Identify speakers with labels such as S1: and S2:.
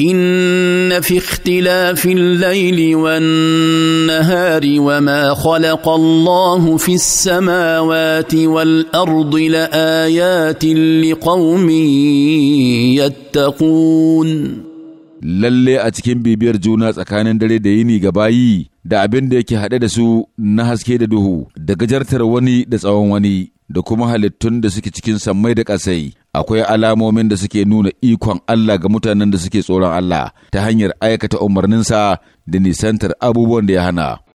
S1: ان في اختلاف الليل والنهار وما خلق الله في السماوات والارض لايات لقوم يتقون
S2: lalle a cikin bibiyar juna tsakanin dare da yini ga bayi da abin da yake haɗe da su na haske da duhu da gajartar wani da tsawon wani da kuma halittun da suke cikin sammai da ƙasai akwai alamomin da suke nuna ikon Allah ga mutanen da suke tsoron Allah ta hanyar aikata umarninsa da nisantar abubuwan da ya hana.